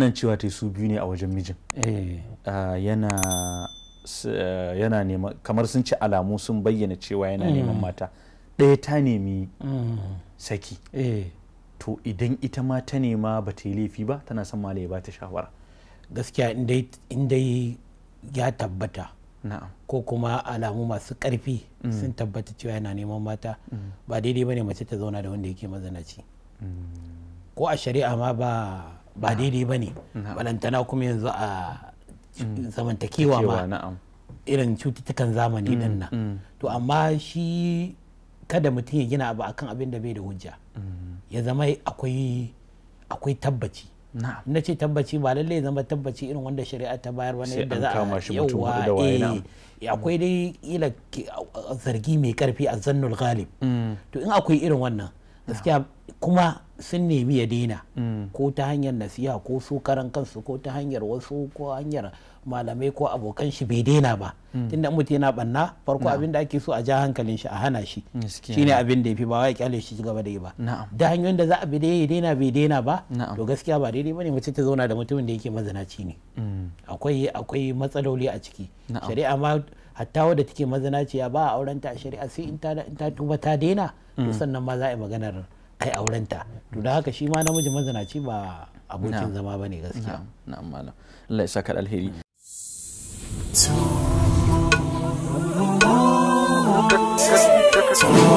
nan cewa ta su biyu ne a wajen mijin eh. ah, yana eh, yana kamar sun ci alamu sun bayyana cewa yana mm. neman mata ɗaya ta nemi mm. saki eh. to idan ita ma ta nema ba ta yi laifi ba tana son malaya ba ta shawara gaskiya inda ya tabbata ko kuma alamu masu karfi mm. sun tabbata cewa yana neman mata ba daidai ba ne mace ta zauna da wanda yake mazanaci ko a shari'a ma ba ba daidai ba ne balantana kuma yanzu a mm. zamantakewa ma irin cututtukan zamani mm, din nan mm. to amma shi kada mutum ya gina abu akan abin da bai da hujja ya zama akwai tabbaci na ce tabbaci ba lallai zama tabbaci irin wanda shari'a ta bayar wani yadda za a yawa eh, akwai dai ila zargi mai karfi a zannul galib to in akwai irin wannan gaskiya kuma sun nemi ya daina mm. ko ta hanyar nasiha ko su karan kansu ko ta hanyar wasu ko hanyar malamai ko abokan shi bai daina ba mm. tunda mutum yana banna farko abin da ake so a ja hankalin shi a hana shi shine abin da yafi ba wai kyale shi gaba da yi ba da hanyoyin da za a bi da ya daina bai daina ba to gaskiya ba daidai bane mace ta zauna da mutumin da yake mazinaci ne mm. akwai akwai matsaloli a ciki shari'a ma hatta wadda take mazinaciya ba a auren ta a shari'a sai in ta tuba ta daina to sannan ma za a yi maganar ai aurenta to da haka shi ma namiji mazanaci ba abokin zama bane gaskiya na'am malam Allah ya saka alheri